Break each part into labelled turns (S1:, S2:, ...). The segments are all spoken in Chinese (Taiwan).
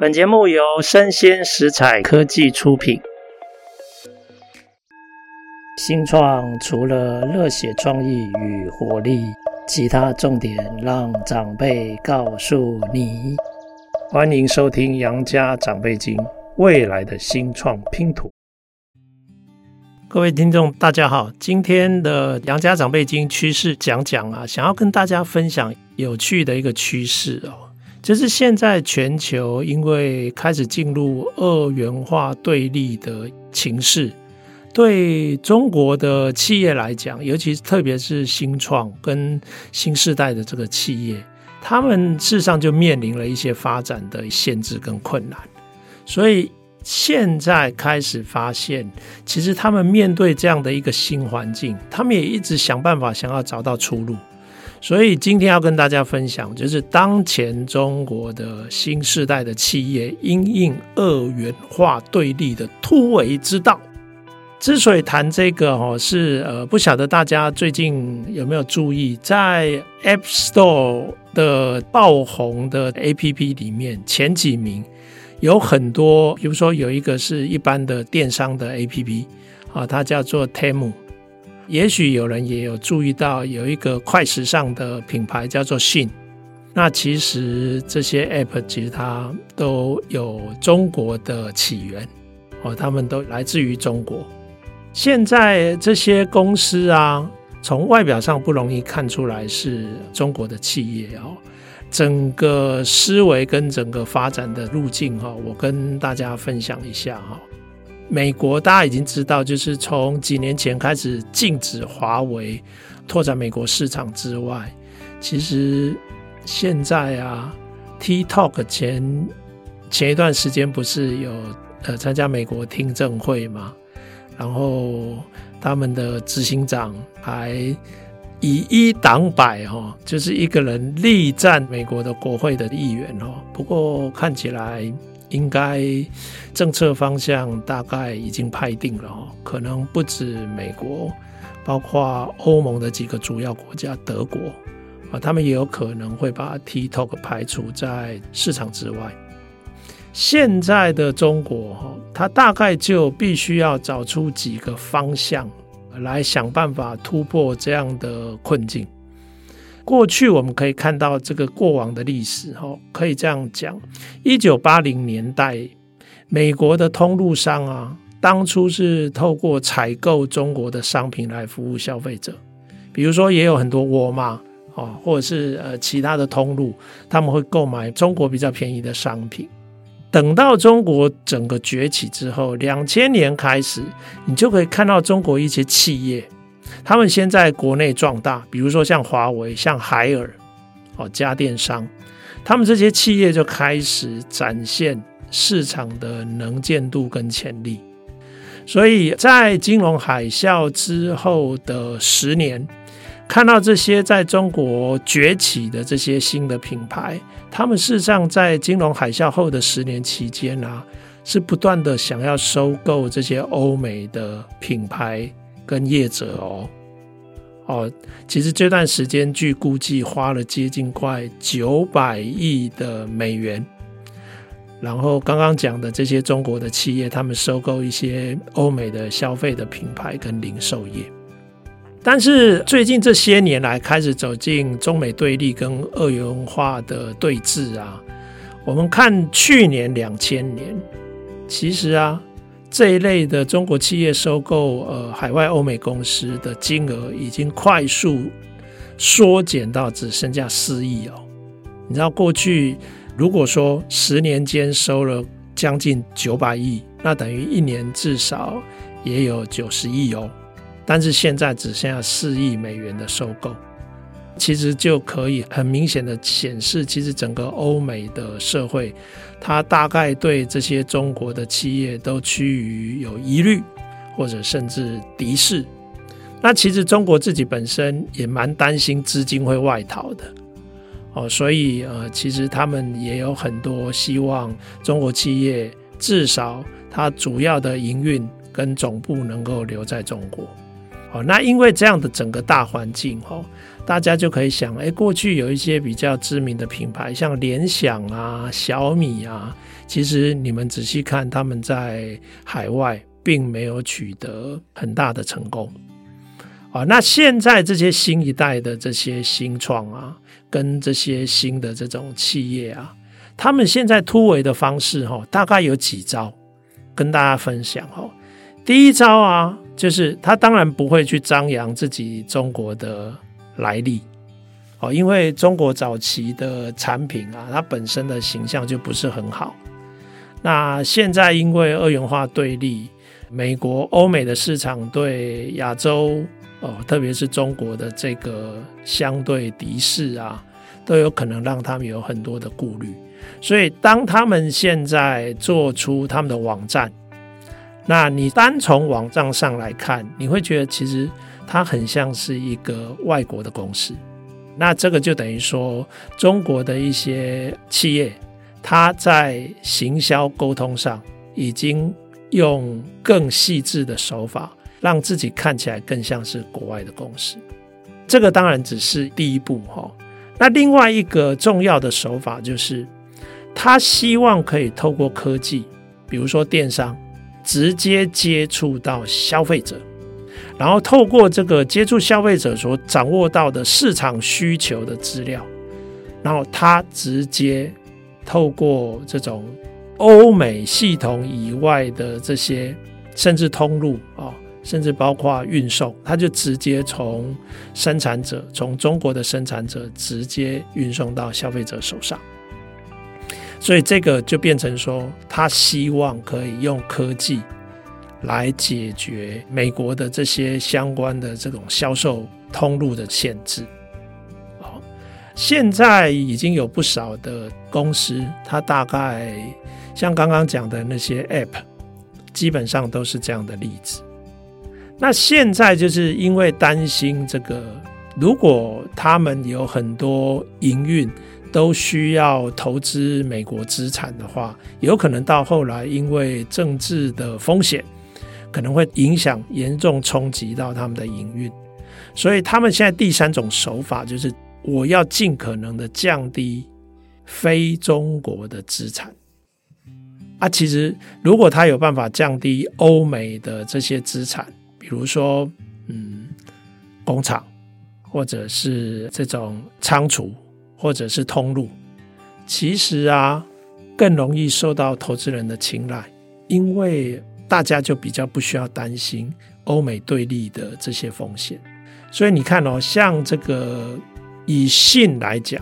S1: 本節目由聲鮮時采科技出品。新創除了熱血創意與活力，其他重點讓長輩告訴你。歡迎收聽《楊家長輩經》，未來的新創拼圖。各位聽眾，大家好，今天的《楊家長輩經》趨勢講講啊，想要跟大家分享有趣的一個趨勢哦。就是現在，全球因為開始進入二元化對立的情勢，對中國的企業來講，尤其特別是新創跟新世代的這個企業，他們事實上就面臨了一些發展的限制跟困難。所以現在開始發現，其實他們面對這樣的一個新環境，他們也一直想辦法，想要找到出路。所以今天要跟大家分享，就是當前中國的新世代的企業因應二元化對立的突圍之道。之所以談這個哦，是呃，不曉得大家最近有沒有注意，在 App Store 的爆紅的 APP 裡面，前幾名有很多，比如說有一個是一般的電商的 APP，啊，它叫做 Temu 也許有人也有注意到，有一個快時尚的品牌叫做 SHEIN。那其實這些 app 其實它都有中國的起源哦，他們都來自於中國。現在這些公司啊，從外表上不容易看出來是中國的企業哦。整個思維跟整個發展的路徑哈，我跟大家分享一下哈。美國大家已經知道，就是從幾年前開始禁止華為拓展美國市場之外，其實現在啊，TikTok 前前一段時間不是有呃參加美國聽證會嗎？然後他們的執行長還以一擋百哦，就是一個人力戰美國的國會的議員哦。不過看起來。應該政策方向大概已經拍定了哦，可能不止美國，包括歐盟的幾個主要國家，德國啊，他們也有可能會把 TikTok 排除在市場之外。現在的中國哈，它大概就必須要找出幾個方向來想辦法突破這樣的困境。過去我們可以看到這個過往的歷史，哦，可以這樣講：一九八零年代，美國的通路商啊，當初是透過採購中國的商品來服務消費者，比如說也有很多沃爾瑪，哦，或者是呃其他的通路，他們會購買中國比較便宜的商品。等到中國整個崛起之後，兩千年開始，你就可以看到中國一些企業。他們先在國內壯大，比如說像華為、像海爾，哦，家電商，他們這些企業就開始展現市場的能見度跟潛力。所以在金融海嘯之後的十年，看到這些在中國崛起的這些新的品牌，他們事實上在金融海嘯後的十年期間呢、啊，是不斷的想要收購這些歐美的品牌。跟業者哦哦，其實這段時間據估計花了接近快九百億的美元。然後剛剛講的這些中國的企業，他們收購一些歐美的消費的品牌跟零售業。但是最近這些年來開始走進中美對立跟二元化的對峙啊。我們看去年兩千年，其實啊。這一類的中國企業收購呃海外歐美公司的金額已經快速縮減到只剩下四億哦。你知道過去如果說十年間收了將近九百億，那等於一年至少也有九十億哦。但是現在只剩下四億美元的收購。其實就可以很明顯的顯示，其實整個歐美的社會，它大概對這些中國的企業都趨於有疑慮，或者甚至敵視。那其實中國自己本身也蠻擔心資金會外逃的，哦，所以呃，其實他們也有很多希望中國企業至少它主要的營運跟總部能夠留在中國。哦，那因為這樣的整個大環境哦。大家就可以想，哎、欸，過去有一些比較知名的品牌，像聯想啊、小米啊，其實你們仔細看，他們在海外並沒有取得很大的成功。啊，那現在這些新一代的這些新創啊，跟這些新的這種企業啊，他們現在突圍的方式、哦，哈，大概有幾招跟大家分享、哦。哈，第一招啊，就是他當然不會去張揚自己中國的，.來歷哦，因為中國早期的產品啊，它本身的形象就不是很好。那現在因為二元化對立，美國、歐美的市場對亞洲哦、呃，特別是中國的這個相對敵視啊，都有可能讓他們有很多的顧慮。所以，當他們現在做出他們的網站，那你單從網站上來看，你會覺得其實。它很像是一個外國的公司，那這個就等於說中國的一些企業，它在行銷溝通上已經用更細緻的手法，讓自己看起來更像是國外的公司。這個當然只是第一步哈、哦。那另外一個重要的手法就是，他希望可以透過科技，比如說電商，直接接觸到消費者。然後透過這個接觸消費者所掌握到的市場需求的資料，然後他直接透過這種歐美系統以外的這些甚至通路啊，甚至包括運送，他就直接從生產者，從中國的生產者直接運送到消費者手上。所以這個就變成說，他希望可以用科技。來解決美國的這些相關的這種銷售通路的限制，好，現在已經有不少的公司，它大概像剛剛講的那些 App，基本上都是這樣的例子。那現在就是因為擔心這個，如果他們有很多營運都需要投資美國資產的話，有可能到後來因為政治的風險，可能會影響嚴重衝擊到他們的營運，所以他們現在第三種手法就是，我要盡可能的降低非中國的資產。啊，其實如果他有辦法降低歐美的這些資產，比如說，嗯，工廠或者是這種倉儲或者是通路，其實啊，更容易受到投資人的青睞，因為。大家就比較不需要擔心歐美對立的這些風險，所以你看哦，像這個以信來講，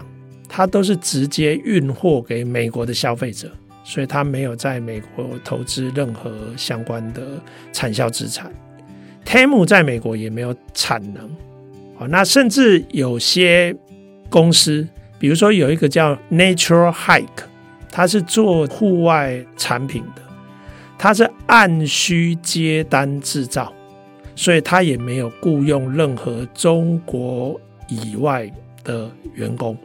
S1: 它都是直接運貨給美國的消費者，所以它沒有在美國投資任何相關的產銷資產。Temu 在美國也沒有產能，哦，那甚至有些公司，比如說有一個叫 Natural Hike，它是做戶外產品的。它是按需接單製造，所以他也沒有僱傭任何中國以外的員工。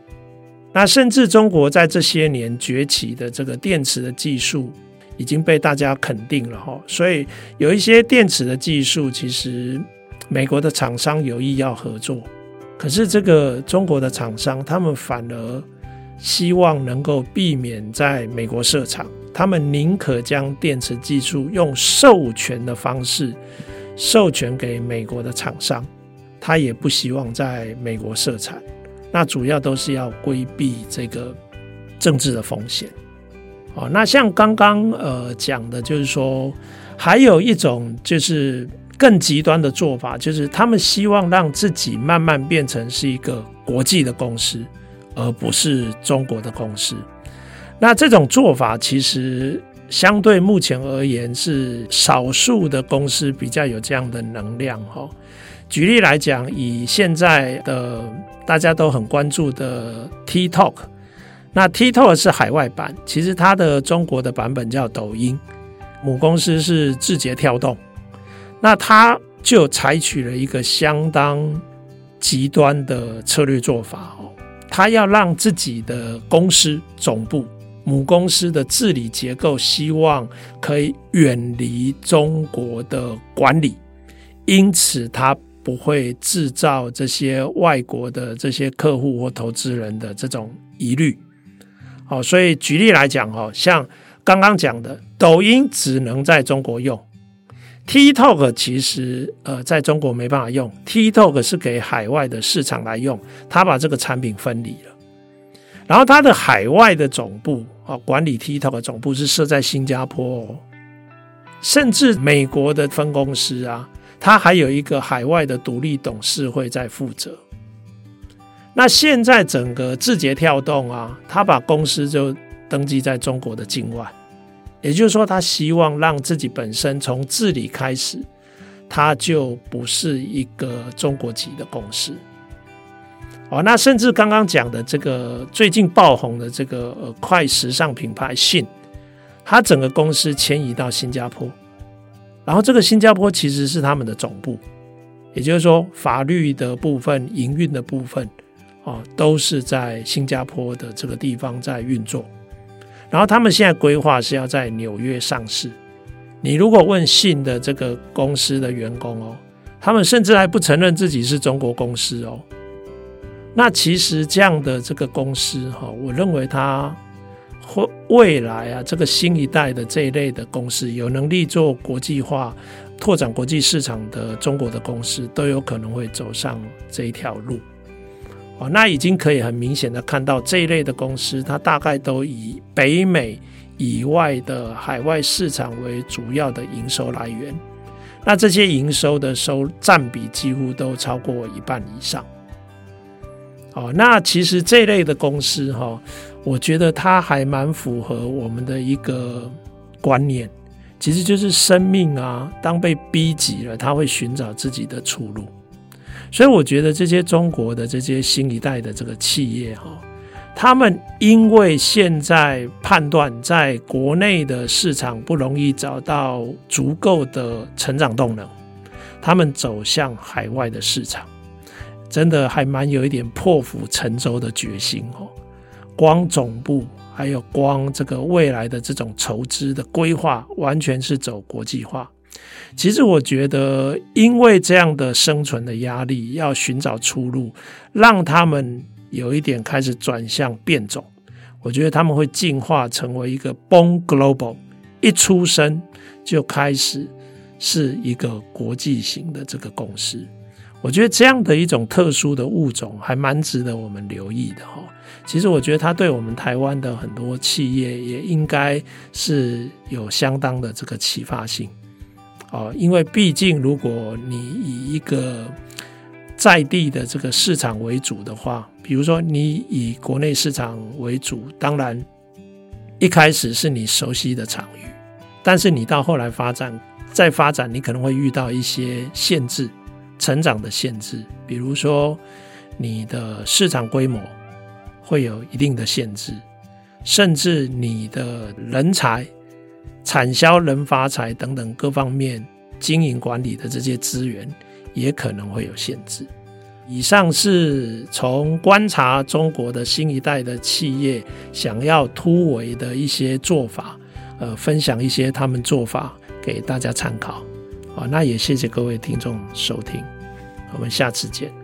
S1: 那甚至中國在這些年崛起的這個電池的技術已經被大家肯定了哈，所以有一些電池的技術，其實美國的廠商有意要合作，可是這個中國的廠商他們反而希望能夠避免在美國設廠。他們寧可將電池技術用授權的方式授權給美國的廠商，他也不希望在美國設廠。那主要都是要規避這個政治的風險。哦，那像剛剛呃講的，就是說還有一種就是更極端的做法，就是他們希望讓自己慢慢變成是一個國際的公司，而不是中國的公司。那這種做法其實相對目前而言是少數的公司比較有這樣的能量哦，舉例來講，以現在的大家都很關注的 TikTok，那 TikTok 是海外版，其實它的中國的版本叫抖音，母公司是字節跳動。那它就採取了一個相當極端的策略做法哦，它要讓自己的公司總部。母公司的治理結構，希望可以遠離中國的管理，因此它不會製造這些外國的這些客戶或投資人的這種疑慮。好，所以舉例來講，哦，像剛剛講的，抖音只能在中國用，TikTok 其實呃在中國沒辦法用，TikTok 是給海外的市場來用，它把這個產品分離了，然後它的海外的總部。哦、啊，管理 TikTok 總部是設在新加坡，哦，甚至美國的分公司啊，它還有一個海外的獨立董事會在負責。那現在整個字節跳動啊，他把公司就登記在中國的境外，也就是說，他希望讓自己本身從治理開始，他就不是一個中國籍的公司。哦，那甚至剛剛講的這個最近爆紅的這個呃快時尚品牌 SHEIN，它整個公司遷移到新加坡，然後這個新加坡其實是他們的總部，也就是說法律的部分、營運的部分，哦，都是在新加坡的這個地方在運作。然後他們現在規劃是要在紐約上市。你如果問 SHEIN 的這個公司的員工哦，他們甚至還不承認自己是中國公司哦。那其實這樣的這個公司哈，我認為它，會未來啊，這個新一代的這一類的公司，有能力做國際化、拓展國際市場的中國的公司，都有可能會走上這一條路。哦，那已經可以很明顯的看到這一類的公司，它大概都以北美以外的海外市場為主要的營收來源。那這些營收的收占比幾乎都超過一半以上。哦，那其實這類的公司哈，我覺得它還蠻符合我們的一個觀念，其實就是生命啊，當被逼急了，他會尋找自己的出路。所以我覺得這些中國的這些新一代的這個企業哈，他們因為現在判斷在國內的市場不容易找到足夠的成長動能，他們走向海外的市場。真的還蠻有一點破釜沉舟的決心哦。光總部還有光這個未來的這種籌資的規劃，完全是走國際化。其實我覺得，因為這樣的生存的壓力，要尋找出路，讓他們有一點開始轉向變種。我覺得他們會進化成為一個 Born Global，一出生就開始是一個國際型的這個公司。我覺得這樣的一種特殊的物種還蠻值得我們留意的哈、哦。其實我覺得它對我們台灣的很多企業也應該是有相當的這個啟發性哦。因為畢竟如果你以一個在地的這個市場為主的話，比如說你以國內市場為主，當然一開始是你熟悉的場域，但是你到後來發展再發展，你可能會遇到一些限制。成長的限制，比如說你的市場規模會有一定的限制，甚至你的人才、產銷人發財等等各方面經營管理的這些資源也可能會有限制。以上是從觀察中國的新一代的企業想要突圍的一些做法，呃，分享一些他們做法給大家參考。好，那也謝謝各位聽眾收聽，我們下次見。